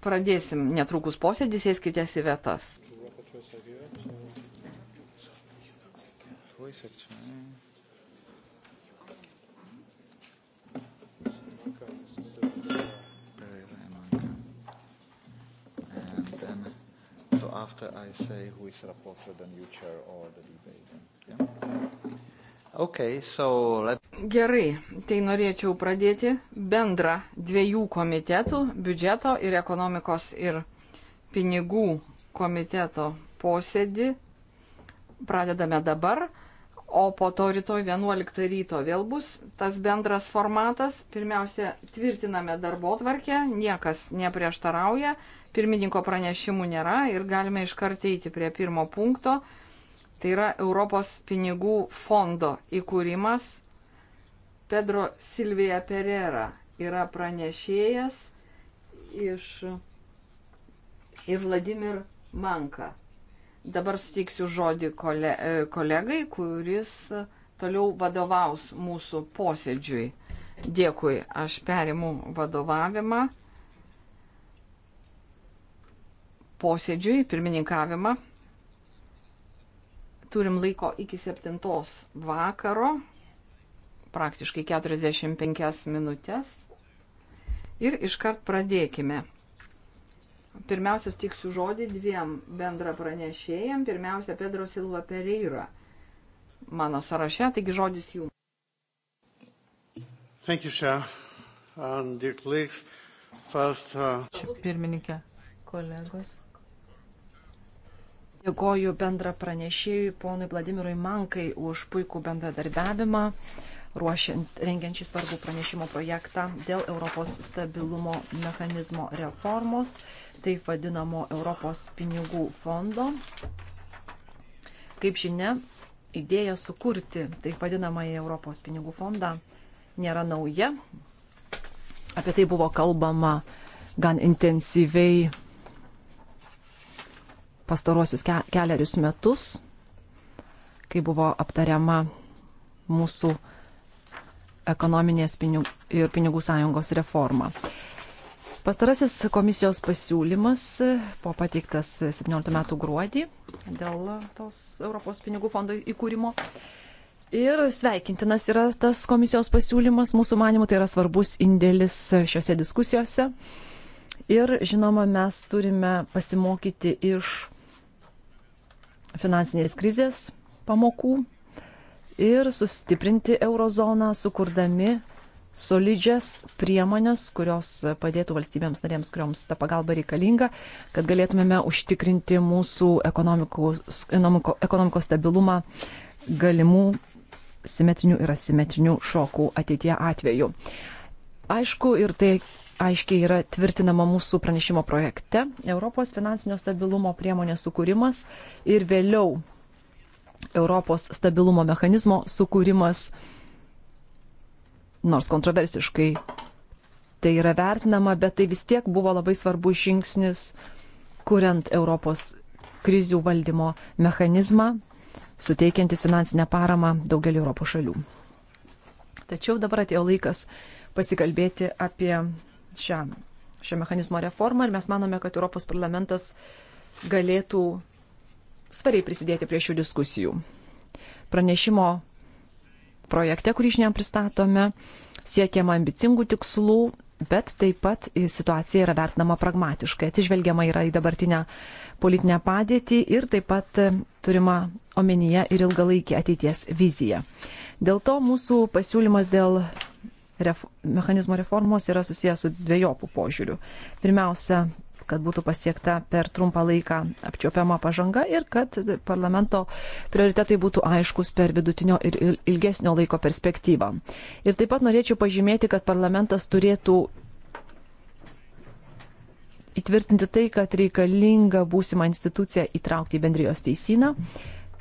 Pradėsim netrukus posėdį, sėskite į vietas. So after I say who is rapporteur, then you chair or the debate. Yeah. Okay, so let Gerai, tai norėčiau pradėti bendrą dviejų komitetų - biudžeto ir ekonomikos ir pinigų komiteto posėdį. Pradedame dabar, o po to rytoj 11 ryto vėl bus tas bendras formatas. Pirmiausia, tvirtiname darbo tvarkę, niekas neprieštarauja, pirmininko pranešimų nėra ir galime iškart eiti prie pirmo punkto. Tai yra Europos pinigų fondo įkūrimas Pedro Silvija Pereira yra pranešėjas iš ir Vladimir Manka. Dabar suteiksiu žodį kole, e, kolegai, kuris toliau vadovaus mūsų posėdžiui. Dėkui, aš perimu vadovavimą posėdžiui, pirmininkavimą. Turim laiko iki septintos vakaro praktiškai 45 minutės ir iškart pradėkime. Pirmiausia, tiksiu žodį dviem bendra pranešėjam. Pirmiausia, Pedro Silva Pereira mano sąraše, taigi žodis jums. Thank you, Chair. And um, dear colleagues, first. Uh... Ačiū pirmininkė, kolegos. Dėkoju bendra pranešėjui, ponui Vladimirui Mankai, už puikų bendradarbiavimą. Uh, ruošiant, rengiant šį svarbų pranešimo projektą dėl Europos stabilumo mechanizmo reformos, taip vadinamo Europos pinigų fondo. Kaip žinia, idėja sukurti taip vadinamąjį Europos pinigų fondą nėra nauja. Apie tai buvo kalbama gan intensyviai pastaruosius keliarius metus, kai buvo aptariama mūsų ekonominės pinigų ir pinigų sąjungos reformą. Pastarasis komisijos pasiūlymas buvo pateiktas 17 metų gruodį dėl tos Europos pinigų fondo įkūrimo. Ir sveikintinas yra tas komisijos pasiūlymas, mūsų manimu tai yra svarbus indėlis šiuose diskusijose. Ir žinoma, mes turime pasimokyti iš finansinės krizės pamokų ir sustiprinti eurozoną, sukurdami solidžias priemonės, kurios padėtų valstybėms narėms, kuriuoms ta pagalba reikalinga, kad galėtumėme užtikrinti mūsų ekonomikos, ekonomikos stabilumą galimų simetrinių ir asimetrinių šokų ateitie atveju. Aišku, ir tai aiškiai yra tvirtinama mūsų pranešimo projekte Europos finansinio stabilumo priemonės sukūrimas ir vėliau Europos stabilumo mechanizmo sukūrimas, nors kontroversiškai tai yra vertinama, bet tai vis tiek buvo labai svarbus žingsnis, kuriant Europos krizių valdymo mechanizmą, suteikiantis finansinę paramą daugelį Europos šalių. Tačiau dabar atėjo laikas pasikalbėti apie šią, šią mechanizmo reformą ir mes manome, kad Europos parlamentas galėtų svariai prisidėti prie šių diskusijų. Pranešimo projekte, kurį šiandien pristatome, siekiama ambicingų tikslų, bet taip pat situacija yra vertinama pragmatiškai. Atsižvelgiama yra į dabartinę politinę padėtį ir taip pat turima omenyje ir ilgalaikį ateities viziją. Dėl to mūsų pasiūlymas dėl ref mechanizmo reformos yra susijęs su dviejopų požiūriu. Pirmiausia, kad būtų pasiekta per trumpą laiką apčiopiama pažanga ir kad parlamento prioritetai būtų aiškus per vidutinio ir ilgesnio laiko perspektyvą. Ir taip pat norėčiau pažymėti, kad parlamentas turėtų įtvirtinti tai, kad reikalinga būsimą instituciją įtraukti į bendrijos teisyną,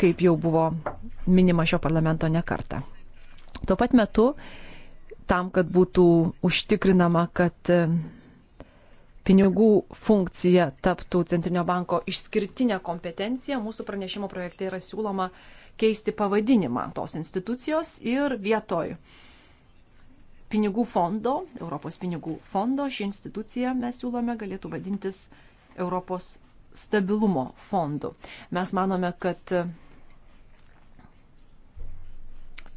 kaip jau buvo minima šio parlamento nekarta. Tuo pat metu, tam, kad būtų užtikrinama, kad pinigų funkcija taptų Centrinio banko išskirtinė kompetencija, mūsų pranešimo projekte yra siūloma keisti pavadinimą tos institucijos ir vietoj pinigų fondo, Europos pinigų fondo, ši institucija mes siūlome galėtų vadintis Europos stabilumo fondu. Mes manome, kad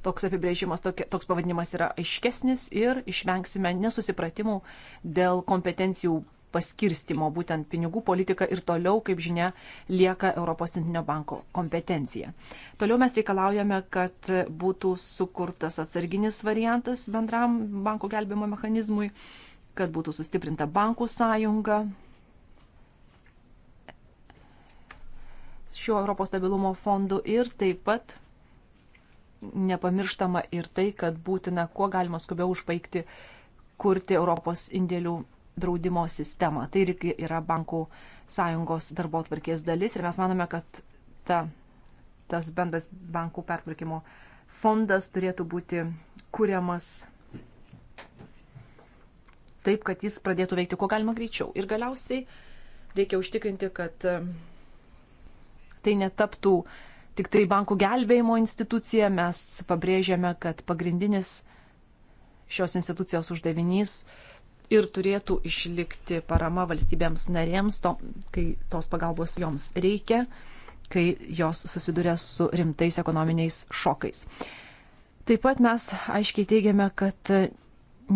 toks apibrėžimas, toks pavadinimas yra aiškesnis ir išvengsime nesusipratimų dėl kompetencijų paskirstimo. Būtent pinigų politika ir toliau, kaip žinia, lieka Europos Centrinio banko kompetencija. Toliau mes reikalaujame, kad būtų sukurtas atsarginis variantas bendram banko gelbėjimo mechanizmui, kad būtų sustiprinta bankų sąjunga. Šiuo Europos stabilumo fondu ir taip pat nepamirštama ir tai, kad būtina kuo galima skubiau užbaigti kurti Europos indėlių draudimo sistemą. Tai irgi yra bankų sąjungos darbo atvarkės dalis ir mes manome, kad ta, tas bendras bankų pertvarkymo fondas turėtų būti kuriamas taip, kad jis pradėtų veikti kuo galima greičiau. Ir galiausiai reikia užtikrinti, kad e, tai netaptų uh, tik tai bankų gelbėjimo institucija, mes pabrėžiame, kad pagrindinis šios institucijos uždavinys ir turėtų išlikti parama valstybėms narėms, to, kai tos pagalbos joms reikia, kai jos susiduria su rimtais ekonominiais šokais. Taip pat mes aiškiai teigiame, kad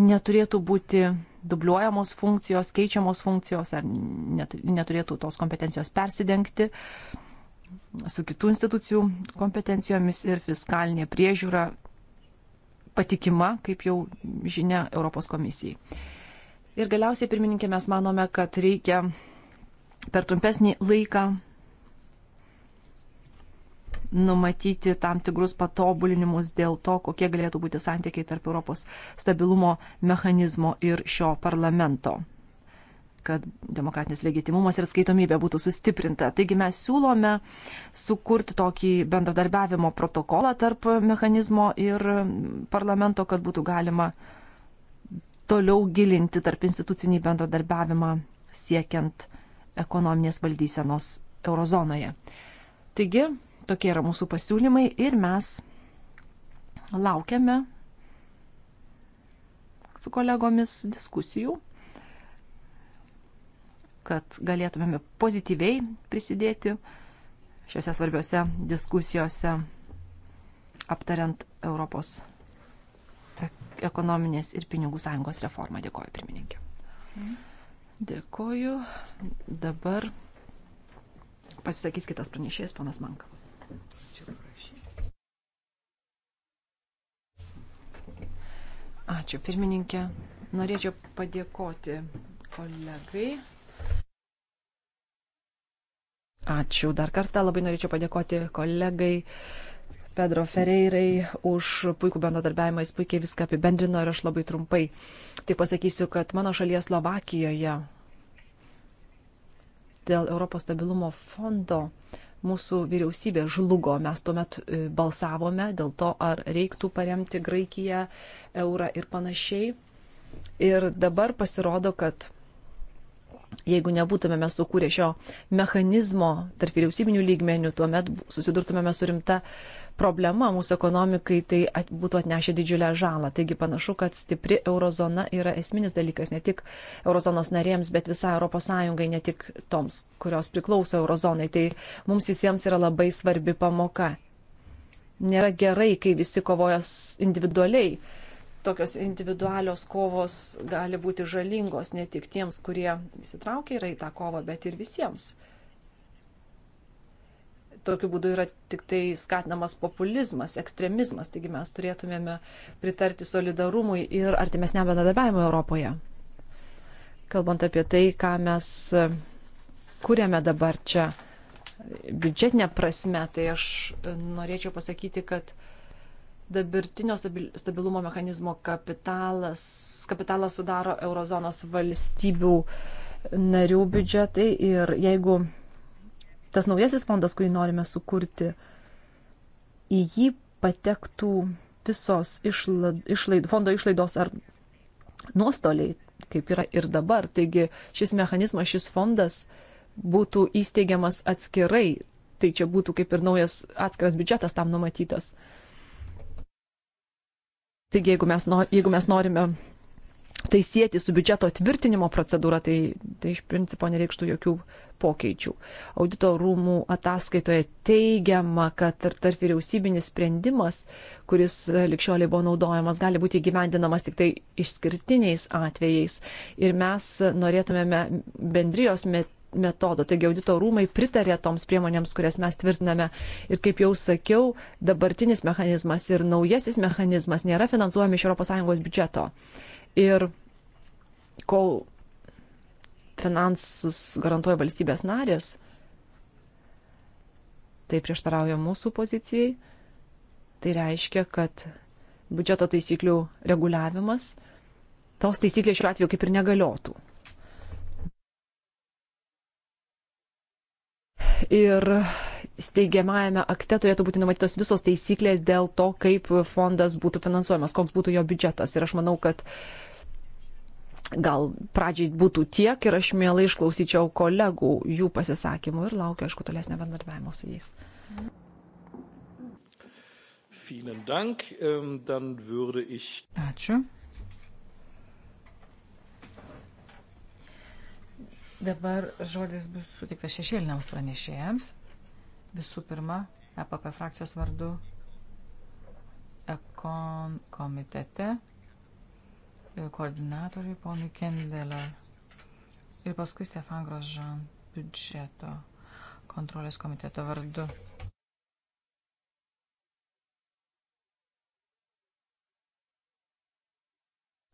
neturėtų būti dubliuojamos funkcijos, keičiamos funkcijos ar net, neturėtų tos kompetencijos persidengti. Uh, su kitų institucijų kompetencijomis ir fiskalinė priežiūra patikima, kaip jau žinia, Europos komisijai. Ir galiausiai, pirmininkė, mes manome, kad reikia per trumpesnį laiką numatyti tam tikrus patobulinimus dėl to, kokie galėtų būti santykiai tarp Europos stabilumo mechanizmo ir šio parlamento kad demokratinis legitimumas ir atskaitomybė būtų sustiprinta. Taigi mes siūlome sukurti tokį bendradarbiavimo protokolą tarp mechanizmo ir parlamento, kad būtų galima toliau gilinti tarp institucinį bendradarbiavimą siekiant ekonominės valdysenos eurozonoje. Taigi, tokie yra mūsų pasiūlymai ir mes laukiame su kolegomis diskusijų kad galėtumėme pozityviai prisidėti šiuose svarbiuose diskusijose aptariant Europos ekonominės ir pinigų sąjungos reformą. Dėkoju, pirmininkė. Dėkoju. Dabar pasisakys kitas pranešėjas, panas Manka. Ačiū, pirmininkė. Norėčiau padėkoti kolegai Ačiū dar kartą. Labai norėčiau padėkoti kolegai Pedro Ferreirai už puikų bendradarbiavimą. Jis puikiai viską apibendrino ir aš labai trumpai. Tik pasakysiu, kad mano šalyje Slovakijoje dėl Europos stabilumo fondo mūsų vyriausybė žlugo. Mes tuomet e, balsavome dėl to, ar reiktų paremti Graikiją, eurą ir panašiai. Ir dabar pasirodo, kad Jeigu nebūtumėme sukūrę šio mechanizmo tarp vyriausybinių lygmenių, tuomet susidurtumėme su rimta problema mūsų ekonomikai, tai at, būtų atnešę didžiulę žalą. Taigi panašu, kad stipri eurozona yra esminis dalykas ne tik eurozonos narėms, bet visai ES, ne tik toms, kurios priklauso eurozonai. Tai mums visiems yra labai svarbi pamoka. Nėra gerai, kai visi kovojas individualiai tokios individualios kovos gali būti žalingos ne tik tiems, kurie įsitraukia yra į tą kovą, bet ir visiems. Tokiu būdu yra tik tai skatinamas populizmas, ekstremizmas, taigi mes turėtumėme pritarti solidarumui ir artimesniam bendradarbiavimui Europoje. Kalbant apie tai, ką mes kuriame dabar čia biudžetinė prasme, tai aš norėčiau pasakyti, kad uh, dabartinio stabilumo mechanizmo kapitalas, kapitalas sudaro eurozonos valstybių narių biudžetai ir jeigu tas naujasis fondas, kurį norime sukurti, į jį patektų visos išlaid, fondo išlaidos ar nuostoliai, kaip yra ir dabar. Taigi šis mechanizmas, šis fondas būtų įsteigiamas atskirai, tai čia būtų kaip ir naujas atskiras biudžetas tam numatytas. Uh, Taigi, jeigu mes, no, jeigu mes norime tai sieti su biudžeto tvirtinimo procedūra, tai, tai iš principo nereikštų jokių pokyčių. Audito rūmų ataskaitoje teigiama, kad tarp, tarp vyriausybinis sprendimas, kuris likščioliai buvo naudojamas, gali būti įgyvendinamas tik tai išskirtiniais atvejais. Ir mes norėtumėme bendrijos met, metodo. Taigi audito rūmai pritarė toms priemonėms, kurias mes tvirtiname. Ir kaip jau sakiau, dabartinis mechanizmas ir naujasis mechanizmas nėra finansuojami iš ES biudžeto. Ir kol finansus garantuoja valstybės narės, tai prieštarauja mūsų pozicijai. Tai reiškia, kad biudžeto taisyklių reguliavimas, tos taisyklės šiuo atveju kaip ir negaliotų. ir steigiamajame akte turėtų būti numatytos visos taisyklės dėl to, kaip fondas būtų finansuojamas, koks būtų jo biudžetas. Ir aš manau, kad gal pradžiai būtų tiek ir aš mielai išklausyčiau kolegų jų pasisakymų ir laukiu, aišku, tolesnio bendradarbiavimo su jais. Ähm, Ačiū. Dabar žodis bus sutiktas šešėliniams pranešėjams. Visų pirma, EPP frakcijos vardu EKON komitete koordinatoriui ponui Kendelė ir paskui Stefan Grosžan biudžeto kontrolės komiteto vardu.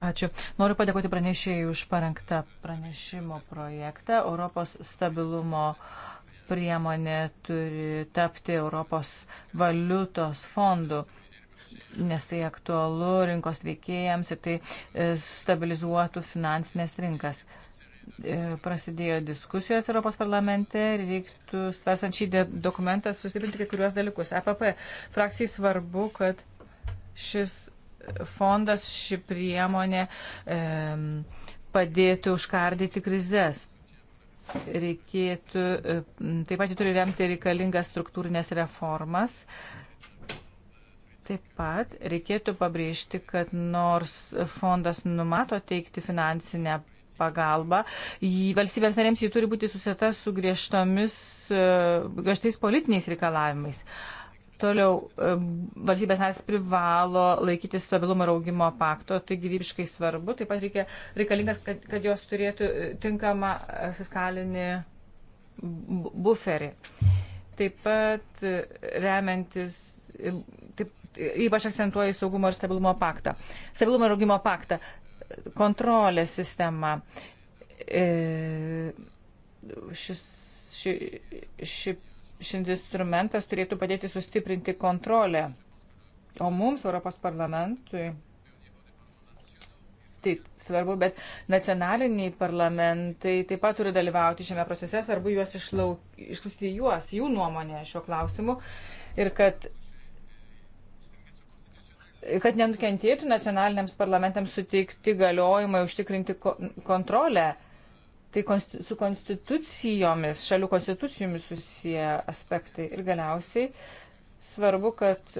Ačiū. Noriu padėkoti pranešėjai už parengtą pranešimo projektą. Europos stabilumo priemonė turi tapti Europos valiutos fondu, nes tai aktualu rinkos veikėjams ir tai e, stabilizuotų finansinės rinkas. E, prasidėjo diskusijos Europos parlamente ir reiktų svarstant šį dokumentą sustiprinti kai kuriuos dalykus. APP e frakcijai svarbu, kad šis fondas, ši priemonė e, padėtų užkardyti krizės. Reikėtų, e, taip pat jį turi remti reikalingas struktūrinės reformas. Taip pat reikėtų pabrėžti, kad nors fondas numato teikti finansinę pagalbą, jį, valstybės narėms jį turi būti susieta su griežtomis, e, griežtais politiniais reikalavimais. E, Toliau e, valstybės narės privalo laikytis stabilumo ir augimo pakto, tai gyvybiškai svarbu. Taip pat reikia, reikalingas, kad, kad jos turėtų e, tinkamą e, fiskalinį buferį. Taip pat remiantis, taip, ypač akcentuoju saugumo ir stabilumo paktą. Stabilumo ir augimo paktą, kontrolės sistema. E, šis, ši, ši šis instrumentas turėtų padėti sustiprinti kontrolę. O mums, Europos parlamentui, tai svarbu, bet nacionaliniai parlamentai taip pat turi dalyvauti šiame procese, svarbu juos išlauk, išklausyti juos, jų nuomonę šiuo klausimu ir kad kad nenukentėtų nacionaliniams parlamentams suteikti galiojimai užtikrinti kontrolę tai su konstitucijomis, šalių konstitucijomis susiję aspektai. Ir galiausiai svarbu, kad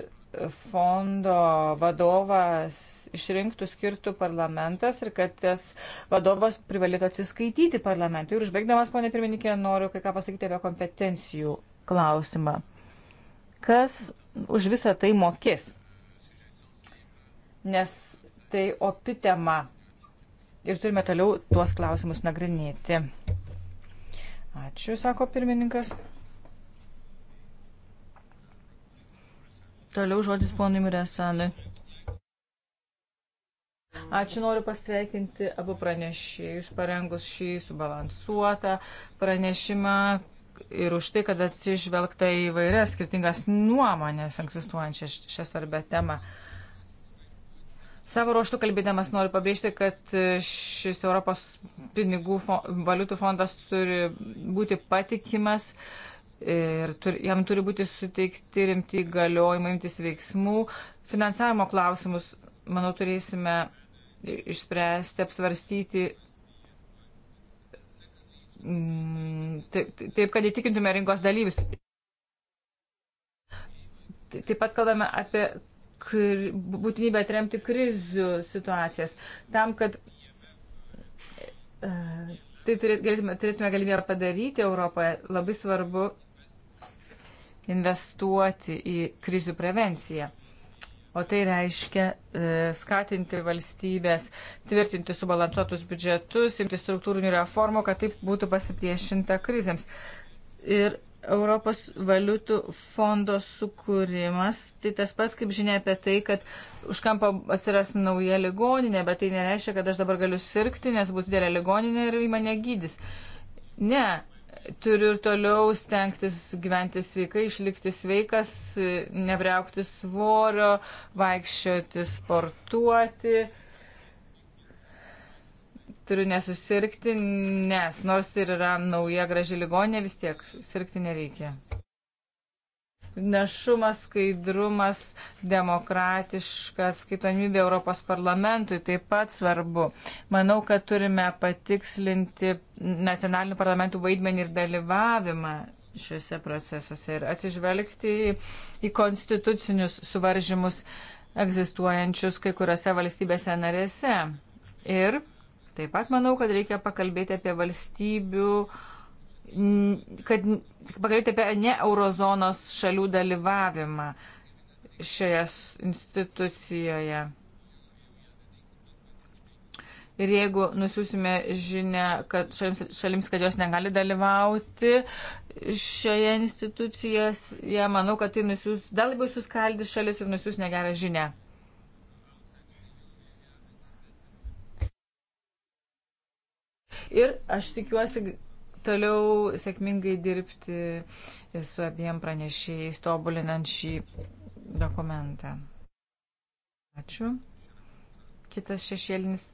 fondo vadovas išrinktų skirtų parlamentas ir kad tas vadovas privalėtų atsiskaityti parlamentui. Ir užbaigdamas, ponė pirmininkė, noriu kai ką pasakyti apie kompetencijų klausimą. Kas už visą tai mokės? Nes tai opi tema ir turime toliau tuos klausimus nagrinėti. Ačiū, sako pirmininkas. Toliau žodis ponui Miresanui. Ačiū noriu pasveikinti abu pranešėjus, parengus šį subalansuotą pranešimą ir už tai, kad atsižvelgta į vairias skirtingas nuomonės egzistuojančias šią svarbę temą. Uh, Savo ruoštų kalbėdamas noriu pabrėžti, kad šis Europos pinigų valiutų fondas turi būti patikimas ir turi, jam turi būti suteikti rimti įgaliojimai imtis veiksmų. Finansavimo klausimus, manau, turėsime išspręsti, apsvarstyti. Mm, taip, taip, kad įtikintume rinkos dalyvius. Taip pat kalbame apie būtinybę atremti krizių situacijas. Tam, kad e, tai turėtume, turėtume galimybę padaryti Europoje, labai svarbu investuoti į krizių prevenciją. O tai reiškia e, skatinti valstybės, tvirtinti subalansuotus biudžetus, imti struktūrinių reformų, kad taip būtų pasipriešinta krizėms. Ir Europos valiutų fondo sukūrimas, tai tas pats kaip žinia apie tai, kad už kampo atsiras nauja ligoninė, bet tai nereiškia, kad aš dabar galiu sirgti, nes bus didelė ligoninė ir į mane gydys. Ne, turiu ir toliau stengtis gyventi sveikai, išlikti sveikas, nebriaukti svorio, vaikščioti, sportuoti turiu nesusirgti, nes nors ir yra nauja graži ligonė, vis tiek sirgti nereikia. Našumas, skaidrumas, demokratiška atskaitomybė Europos parlamentui taip pat svarbu. Manau, kad turime patikslinti nacionalinių parlamentų vaidmenį ir dalyvavimą šiuose procesuose ir atsižvelgti į konstitucinius suvaržymus egzistuojančius kai kuriuose valstybėse narėse. Ir Taip pat manau, kad reikia pakalbėti apie valstybių, kad pakalbėti apie ne eurozonos šalių dalyvavimą šioje institucijoje. Ir jeigu nusiusime žinę kad šalims, šalims, kad jos negali dalyvauti šioje institucijoje, manau, kad tai nusius, dar labiau suskaldys šalis ir nusius negerą žinę. Ir aš tikiuosi toliau sėkmingai dirbti su abiem pranešėjais, tobulinant šį dokumentą. Ačiū. Kitas šešėlinis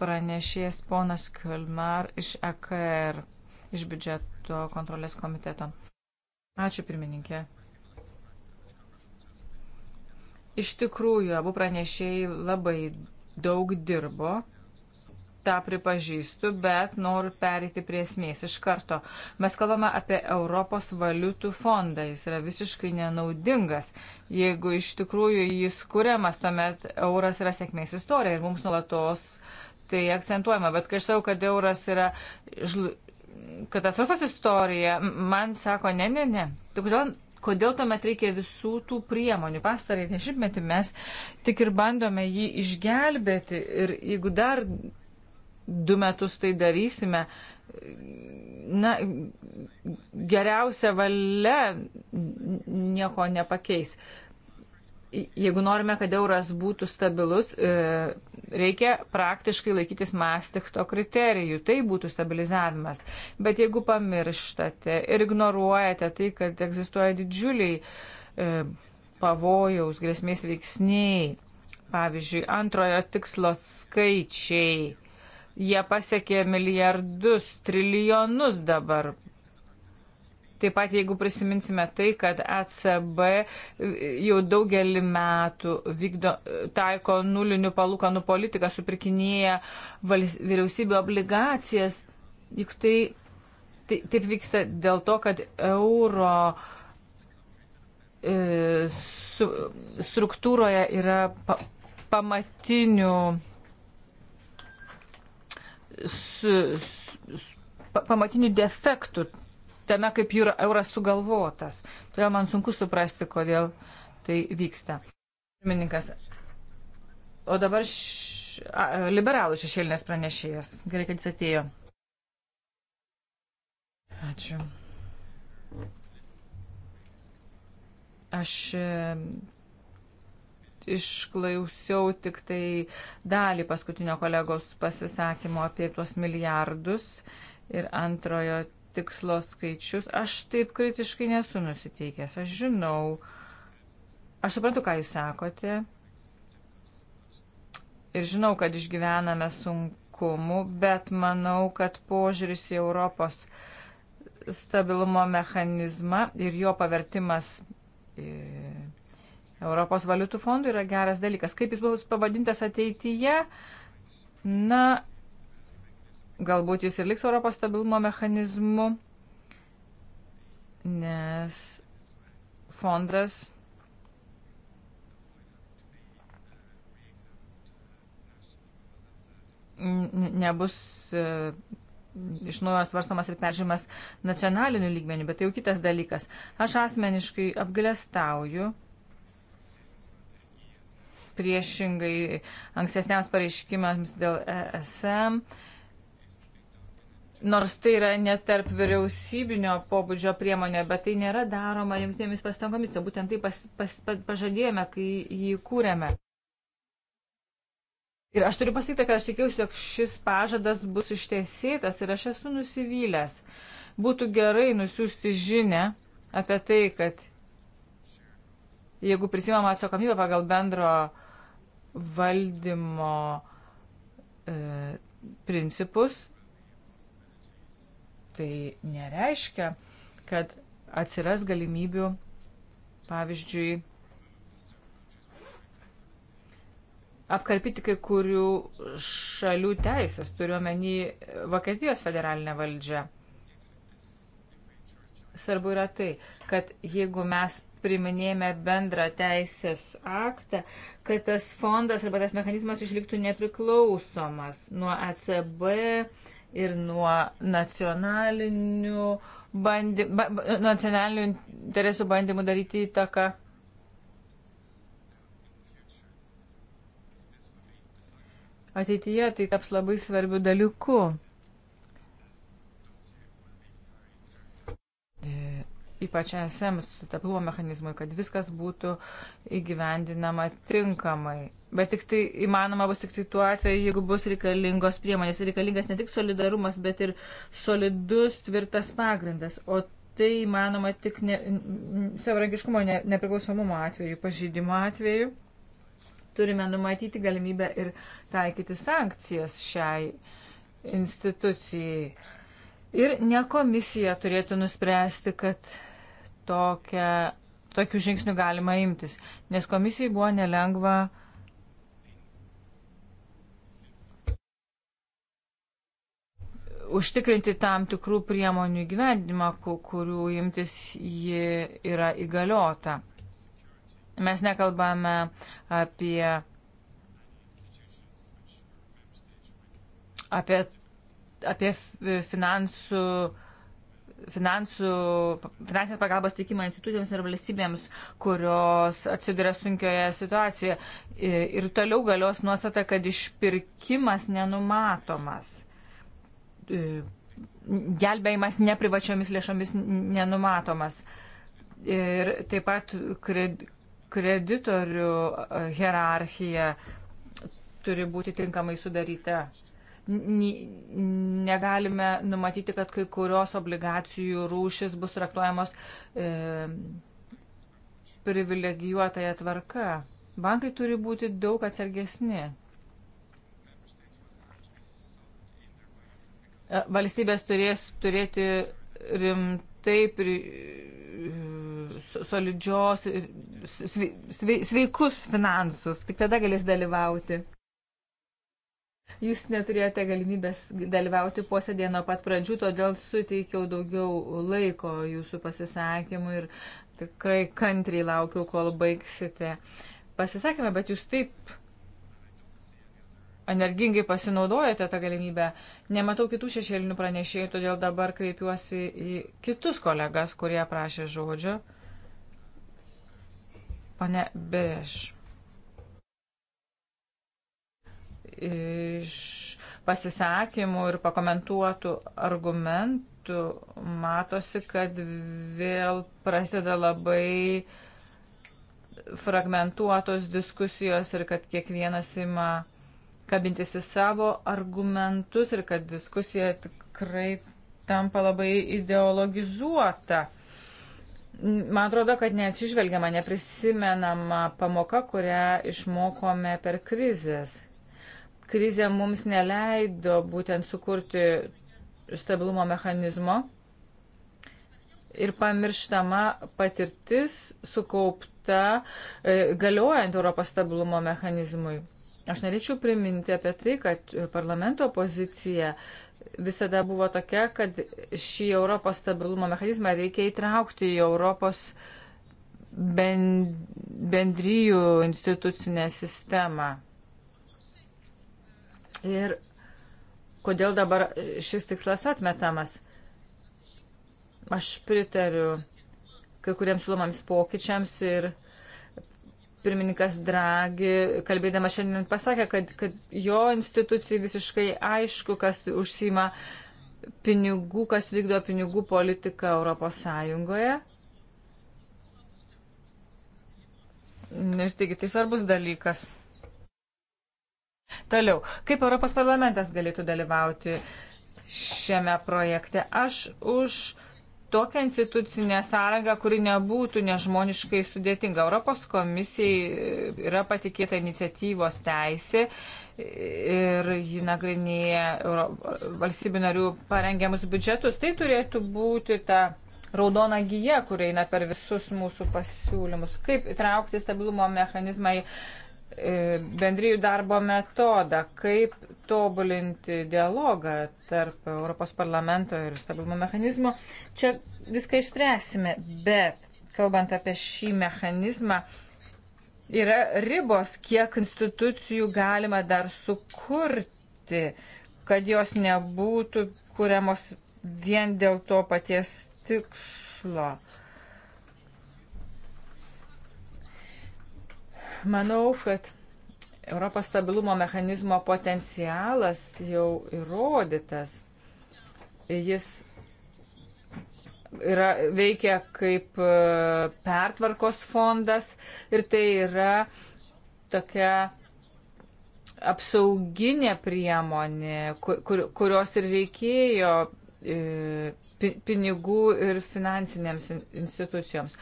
pranešėjas ponas Kulmar iš EKR, iš biudžeto kontrolės komiteto. Ačiū pirmininkė. Iš tikrųjų, abu pranešėjai labai daug dirbo tą pripažįstu, bet noriu pereiti prie esmės iš karto. Mes kalbame apie Europos valiutų fondą. Jis yra visiškai nenaudingas. Jeigu iš tikrųjų jis kuriamas, tuomet euras yra sėkmės istorija ir mums nulatos tai akcentuojama. Bet kai aš sakau, kad euras yra žl... katastrofos istorija, man sako, ne, ne, ne. Tai kodėl kodėl tuomet reikia visų tų priemonių. Pastarąjį dešimtmetį mes tik ir bandome jį išgelbėti ir jeigu dar du metus tai darysime. Na, geriausia valia nieko nepakeis. Jeigu norime, kad euras būtų stabilus, e, reikia praktiškai laikytis mastikto kriterijų. Tai būtų stabilizavimas. Bet jeigu pamirštate ir ignoruojate tai, kad egzistuoja didžiuliai e, pavojaus, grėsmės veiksniai, pavyzdžiui, antrojo tikslo skaičiai, Jie pasiekė milijardus, trilijonus dabar. Taip pat, jeigu prisiminsime tai, kad ECB jau daugelį metų vykdo, taiko nulinių palūkanų politiką, supirkinėja vals, vyriausybių obligacijas, juk tai, tai taip vyksta dėl to, kad euro e, su, struktūroje yra pa, pamatinių su, su, pamatinių defektų tame, kaip euras sugalvotas. Todėl man sunku suprasti, kodėl tai vyksta. Pirmininkas. O dabar š... a, liberalų šešėlinės pranešėjas. Gerai, kad jis atėjo. Ačiū. Aš išklausiau tik tai dalį paskutinio kolegos pasisakymo apie tuos milijardus ir antrojo tikslo skaičius. Aš taip kritiškai nesu nusiteikęs. Aš žinau, aš suprantu, ką jūs sakote. Ir žinau, kad išgyvename sunkumų, bet manau, kad požiūris į Europos stabilumo mechanizmą ir jo pavertimas e, Europos valiutų fondų yra geras dalykas. Kaip jis bus pavadintas ateityje? Na, galbūt jis ir liks Europos stabilumo mechanizmu, nes fondas nebus e, iš naujo svarstomas ir peržiūrimas nacionaliniu lygmeniu, bet tai jau kitas dalykas. Aš asmeniškai apgalestauju, priešingai ankstesniams pareiškimams dėl ESM. Nors tai yra ne tarp vyriausybinio pobūdžio priemonė, bet tai nėra daroma jungtinėmis pastangomis, o būtent tai pas, pas, pas, pažadėjome, kai jį kūrėme. Ir aš turiu pasakyti, kad aš tikėjausi, jog šis pažadas bus ištesėtas ir aš esu nusivylęs. Būtų gerai nusiųsti žinę apie tai, kad jeigu prisimama atsakomybė pagal bendro uh, valdymo e, principus, tai nereiškia, kad atsiras galimybių, pavyzdžiui, apkarpyti kai kurių šalių teisės, turiuomenį Vokietijos federalinę valdžią. Svarbu yra tai, kad jeigu mes priminėjame bendrą teisės aktą, kad tas fondas arba tas mechanizmas išliktų nepriklausomas nuo ECB ir nuo nacionalinių, bandy, ba, nacionalinių interesų bandymų daryti įtaką. Ateityje tai taps labai svarbių dalykų. ypač ESM susitaplumo mechanizmui, kad viskas būtų įgyvendinama tinkamai. Bet tik tai įmanoma bus tik tai tuo atveju, jeigu bus reikalingos priemonės. Reikalingas ne tik solidarumas, bet ir solidus tvirtas pagrindas. O tai įmanoma tik ne, savarankiškumo ne, nepriklausomumo atveju, pažydimo atveju. Turime numatyti galimybę ir taikyti sankcijas šiai institucijai. Ir ne komisija turėtų nuspręsti, kad tokią, tokių žingsnių galima imtis, nes komisijai buvo nelengva užtikrinti tam tikrų priemonių gyvendimą, kurių imtis ji yra įgaliota. Mes nekalbame apie, apie, apie finansų finansų, finansinės pagalbos teikimą institucijams ir valstybėms, kurios atsiduria sunkioje situacijoje. Ir toliau galios nuostata, kad išpirkimas nenumatomas. Gelbėjimas neprivačiomis lėšomis nenumatomas. Ir taip pat kreditorių hierarchija turi būti tinkamai sudaryta negalime numatyti, kad kai kurios obligacijų rūšis bus traktuojamos e, privilegijuotąją tvarką. Bankai turi būti daug atsargesni. E, valstybės turės turėti rimtai pri, e, solidžios, sveikus finansus, tik tada galės dalyvauti. Jūs neturėjote galimybės dalyvauti posėdėje nuo pat pradžių, todėl suteikiau daugiau laiko jūsų pasisakymui ir tikrai kantriai laukiu, kol baigsite pasisakymą, bet jūs taip energingai pasinaudojate tą galimybę. Nematau kitų šešėlinių pranešėjų, todėl dabar kreipiuosi į kitus kolegas, kurie prašė žodžio. Pane Beš. iš pasisakymų ir pakomentuotų argumentų matosi, kad vėl prasideda labai fragmentuotos diskusijos ir kad kiekvienas ima kabintis į savo argumentus ir kad diskusija tikrai tampa labai ideologizuota. Man atrodo, kad neatsižvelgiama, neprisimenama pamoka, kurią išmokome per krizės krizė mums neleido būtent sukurti stabilumo mechanizmo ir pamirštama patirtis sukaupta e, galiojant Europos stabilumo mechanizmui. Aš norėčiau priminti apie tai, kad parlamento pozicija visada buvo tokia, kad šį Europos stabilumo mechanizmą reikia įtraukti į Europos bendryjų institucinę sistemą. Ir kodėl dabar šis tikslas atmetamas? Aš pritariu kai kuriems siūlomams pokyčiams ir pirmininkas Dragi, kalbėdamas šiandien, pasakė, kad, kad jo institucijai visiškai aišku, kas užsima pinigų, kas vykdo pinigų politiką Europos Sąjungoje. Ir taigi tai svarbus dalykas. Toliau, kaip Europos parlamentas galėtų dalyvauti šiame projekte? Aš už tokią institucinę sąrangą, kuri nebūtų nežmoniškai sudėtinga. Europos komisijai yra patikėta iniciatyvos teisė ir ji nagrinėja valstybių narių parengiamus biudžetus. Tai turėtų būti ta raudona gyja, kur eina per visus mūsų pasiūlymus. Kaip įtraukti stabilumo mechanizmą į E, bendrijų darbo metodą, kaip tobulinti dialogą tarp Europos parlamento ir stabilumo mechanizmo. Čia viską išspręsime, bet kalbant apie šį mechanizmą, yra ribos, kiek institucijų galima dar sukurti, kad jos nebūtų kuriamos vien dėl to paties tikslo. Uh, Manau, kad Europos stabilumo mechanizmo potencialas jau įrodytas. Jis yra, veikia kaip e, pertvarkos fondas ir tai yra tokia apsauginė priemonė, kur, kur, kurios ir reikėjo e, pinigų ir finansinėms institucijoms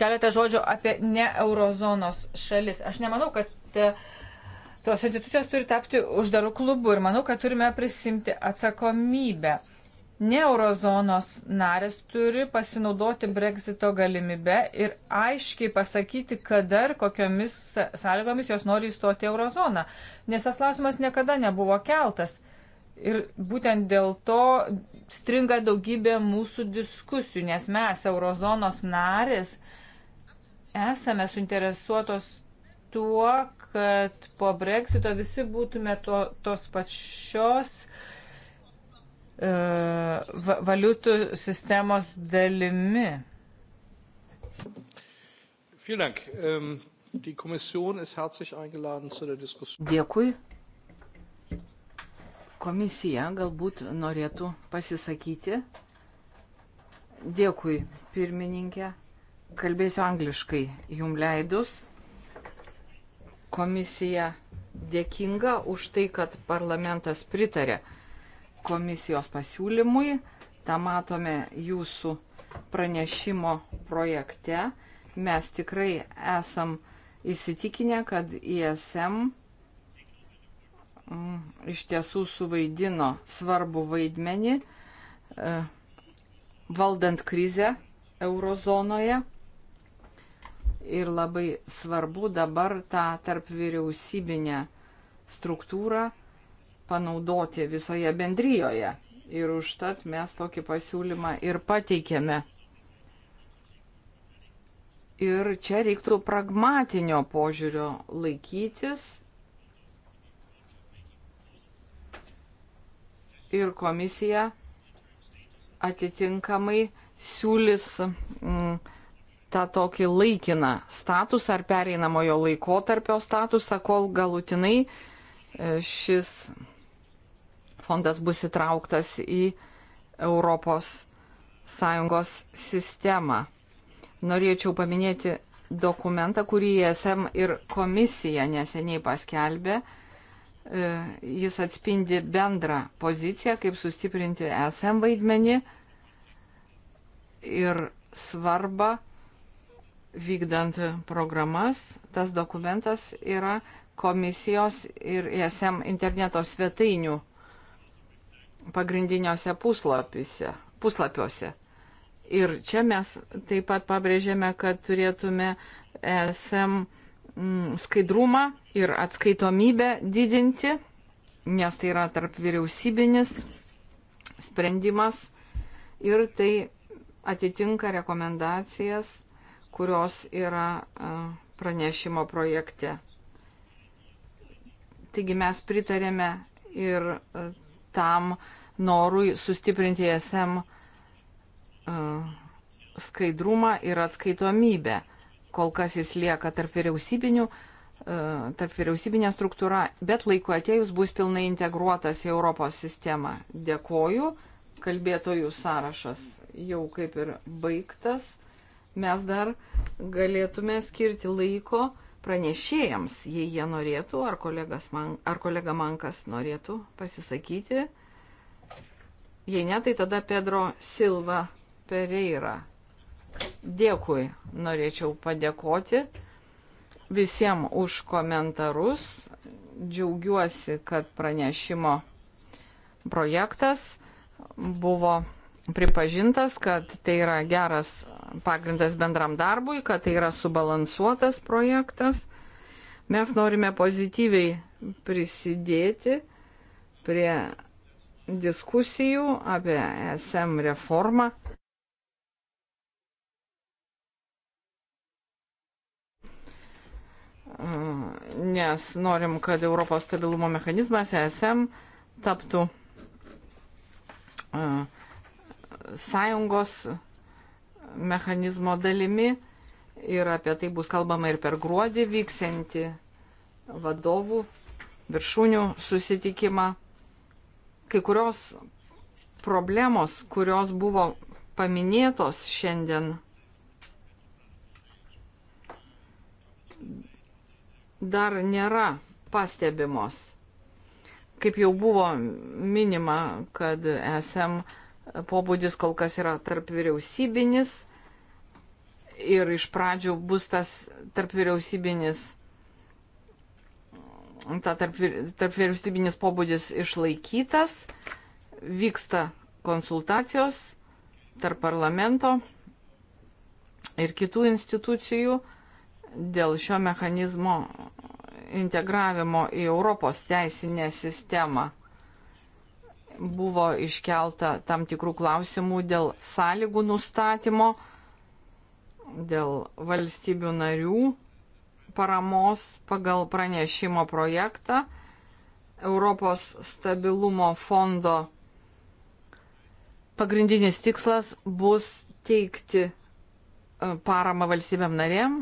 keletą žodžių apie ne eurozonos šalis. Aš nemanau, kad e, tos institucijos turi tapti uždarų klubų ir manau, kad turime prisimti atsakomybę. Ne eurozonos narės turi pasinaudoti Brexito galimybę ir aiškiai pasakyti, kada ir kokiomis sąlygomis jos nori įstoti eurozoną. Nes tas klausimas niekada nebuvo keltas. Ir būtent dėl to stringa daugybė mūsų diskusijų, nes mes, eurozonos narės, uh, esame suinteresuotos tuo, kad po breksito visi būtume to, tos pačios uh, valiutų sistemos dalimi. Ähm, Dėkui. Komisija galbūt norėtų pasisakyti. Dėkui, pirmininkė. Kalbėsiu angliškai, jum leidus. Komisija dėkinga už tai, kad parlamentas pritarė komisijos pasiūlymui. Ta matome jūsų pranešimo projekte. Mes tikrai esam įsitikinę, kad ISM mm, iš tiesų suvaidino svarbu vaidmenį e, valdant krizę eurozonoje ir labai svarbu dabar tą tarp vyriausybinę struktūrą panaudoti visoje bendryjoje. Ir užtat mes tokį pasiūlymą ir pateikėme. Ir čia reiktų pragmatinio požiūrio laikytis. Ir komisija atitinkamai siūlys. Mm, tą tokį laikiną statusą ar pereinamojo laikotarpio statusą, kol galutinai e, šis fondas bus įtrauktas į Europos Sąjungos sistemą. Norėčiau paminėti dokumentą, kurį ESM ir komisija neseniai paskelbė. E, jis atspindi bendrą poziciją, kaip sustiprinti ESM vaidmenį ir svarbą vykdant programas. Tas dokumentas yra komisijos ir ESM interneto svetainių pagrindiniuose puslapiuose. Ir čia mes taip pat pabrėžėme, kad turėtume ESM mm, skaidrumą ir atskaitomybę didinti, nes tai yra tarp vyriausybinis sprendimas ir tai atitinka rekomendacijas kurios yra pranešimo projekte. Taigi mes pritarėme ir tam norui sustiprinti SM skaidrumą ir atskaitomybę. Kol kas jis lieka tarp vyriausybinių, tarp vyriausybinė struktūra, bet laiko atėjus bus pilnai integruotas į Europos sistemą. Dėkoju, kalbėtojų sąrašas jau kaip ir baigtas mes dar galėtume skirti laiko pranešėjams, jei jie norėtų, ar, man, ar kolega Mankas norėtų pasisakyti. Jei ne, tai tada Pedro Silva Pereira. Dėkui, norėčiau padėkoti visiems už komentarus. Džiaugiuosi, kad pranešimo projektas buvo pripažintas, kad tai yra geras pagrindas bendram darbui, kad tai yra subalansuotas projektas. Mes norime pozityviai prisidėti prie diskusijų apie SM reformą. Nes norim, kad Europos stabilumo mechanizmas ESM taptų sąjungos mechanizmo dalimi ir apie tai bus kalbama ir per gruodį vyksianti vadovų viršūnių susitikimą. Kai kurios problemos, kurios buvo paminėtos šiandien, dar nėra pastebimos. Kaip jau buvo minima, kad esame pobūdis kol kas yra tarp vyriausybinis ir iš pradžių bus tas tarp vyriausybinis, ta tarp, tarp vyriausybinis pobūdis išlaikytas, vyksta konsultacijos tarp parlamento ir kitų institucijų dėl šio mechanizmo integravimo į Europos teisinę sistemą buvo iškelta tam tikrų klausimų dėl sąlygų nustatymo, dėl valstybių narių paramos pagal pranešimo projektą Europos stabilumo fondo pagrindinis tikslas bus teikti e, paramą valstybėm narėm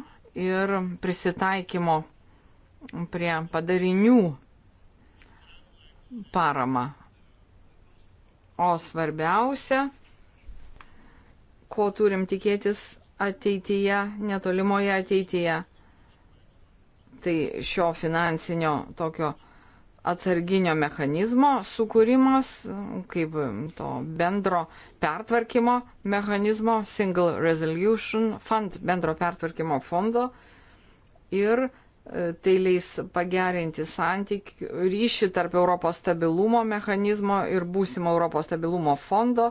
ir prisitaikymo prie padarinių paramą. O svarbiausia, ko turim tikėtis ateityje, netolimoje ateityje, tai šio finansinio tokio atsarginio mechanizmo sukūrimas, kaip to bendro pertvarkymo mechanizmo, Single Resolution Fund, bendro pertvarkymo fondo ir E, tai leis pagerinti santykių ryšį tarp Europos stabilumo mechanizmo ir būsimo Europos stabilumo fondo.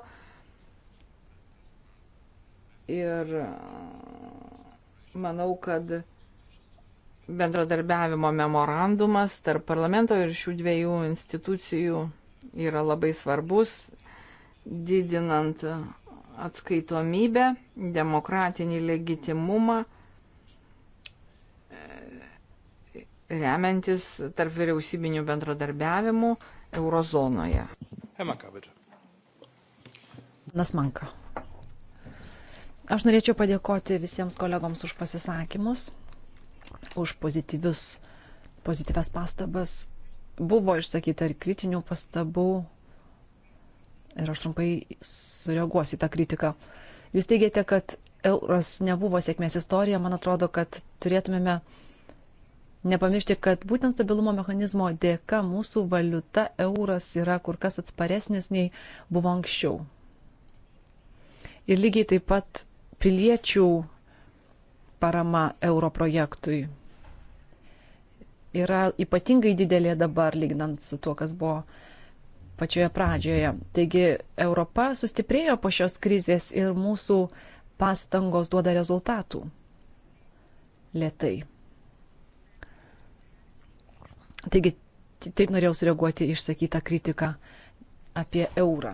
Ir e, manau, kad bendradarbiavimo memorandumas tarp parlamento ir šių dviejų institucijų yra labai svarbus, didinant atskaitomybę, demokratinį legitimumą remiantis tarp vyriausybinių bendradarbiavimų eurozonoje. Hemaka, bitte. Nasmanka. Aš norėčiau padėkoti visiems kolegoms už pasisakymus, už pozityvius, pozityves pastabas. Buvo išsakyta ir kritinių pastabų. Ir aš trumpai sureaguosiu į tą kritiką. Jūs teigiate, kad euras nebuvo sėkmės istorija. Man atrodo, kad turėtumėme nepamiršti, kad būtent stabilumo mechanizmo dėka mūsų valiuta euras yra kur kas atsparesnis nei buvo anksčiau. Ir lygiai taip pat piliečių parama euro projektui yra ypatingai didelė dabar, lyginant su tuo, kas buvo pačioje pradžioje. Taigi Europa sustiprėjo po šios krizės ir mūsų pastangos duoda rezultatų. Lietai. Taigi, taip norėjau sureaguoti išsakytą kritiką apie eurą.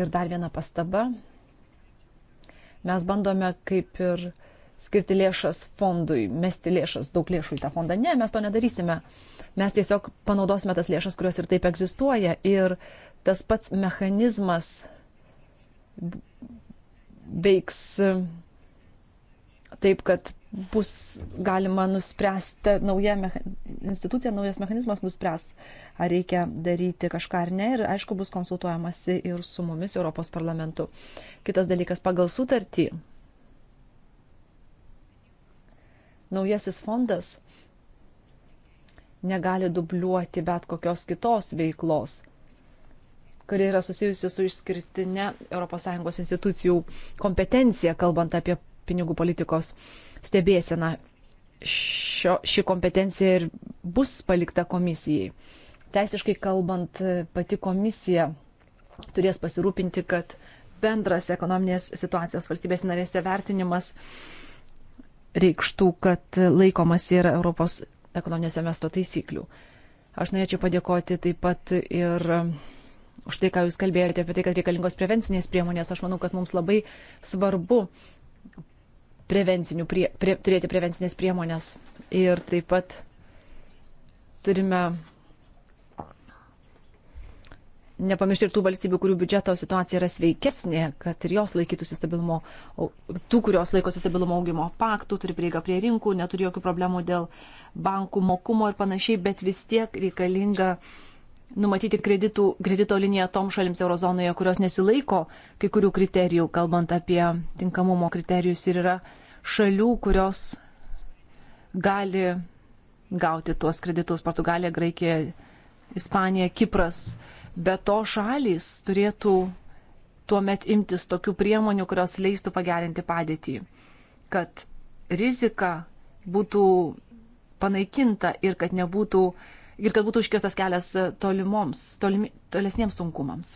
Ir dar viena pastaba. Mes bandome kaip ir skirti lėšas fondui, mesti lėšas, daug lėšų į tą fondą. Ne, mes to nedarysime. Mes tiesiog panaudosime tas lėšas, kurios ir taip egzistuoja. Ir tas pats mechanizmas veiks taip, kad bus galima nuspręsti, nauja meha, institucija, naujas mechanizmas nuspręs, ar reikia daryti kažką ar ne. Ir aišku, bus konsultuojamasi ir su mumis Europos parlamentu. Kitas dalykas, pagal sutartį naujasis fondas negali dubliuoti bet kokios kitos veiklos kuri yra susijusi su išskirtinė ES institucijų kompetencija, kalbant apie pinigų politikos stebėsena. Šio, ši kompetencija ir bus palikta komisijai. Teisiškai kalbant, pati komisija turės pasirūpinti, kad bendras ekonominės situacijos valstybės narėse vertinimas reikštų, kad laikomas yra Europos ekonominio semestro taisyklių. Aš norėčiau padėkoti taip pat ir už tai, ką Jūs kalbėjote apie tai, kad reikalingos prevencinės priemonės. Aš manau, kad mums labai svarbu prevencinių, prie, prie, turėti prevencinės priemonės. Ir taip pat turime nepamiršti ir tų valstybių, kurių biudžeto situacija yra sveikesnė, kad ir jos laikytųsi stabilumo, tų, kurios laikosi stabilumo augimo paktų, turi prieigą prie rinkų, neturi jokių problemų dėl bankų mokumo ir panašiai, bet vis tiek reikalinga uh, numatyti kreditų, kredito liniją tom šalims eurozonoje, kurios nesilaiko kai kurių kriterijų, kalbant apie tinkamumo kriterijus ir yra šalių, kurios gali gauti tuos kreditus - Portugalija, Graikija, Ispanija, Kipras. Bet to šalys turėtų tuomet imtis tokių priemonių, kurios leistų pagerinti padėtį, kad rizika būtų panaikinta ir kad nebūtų uh, ir kad būtų užkirstas kelias e, tolimoms, tolimi, tolesniems sunkumams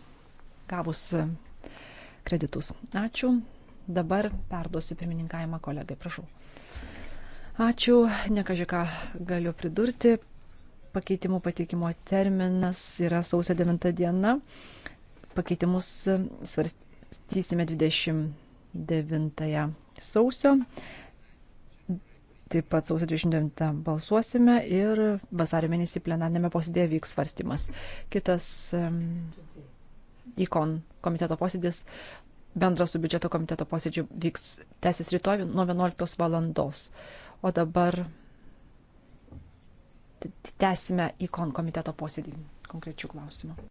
gavus e, kreditus. Ačiū. Dabar perduosiu pirmininkavimą kolegai, prašau. Ačiū, nekažiką galiu pridurti. Pakeitimų pateikimo terminas yra sausio 9 diena. Pakeitimus e, svarstysime 29 sausio. Taip pat sausio 29 balsuosime ir vasario mėnesį plenarnėme posėdėje vyks svarstymas. Kitas um, ikon komiteto posėdis bendras su biudžeto komiteto posėdžiu vyks tęsis rytoj nuo 11 valandos. O dabar tęsime ikon komiteto posėdį konkrečių klausimų.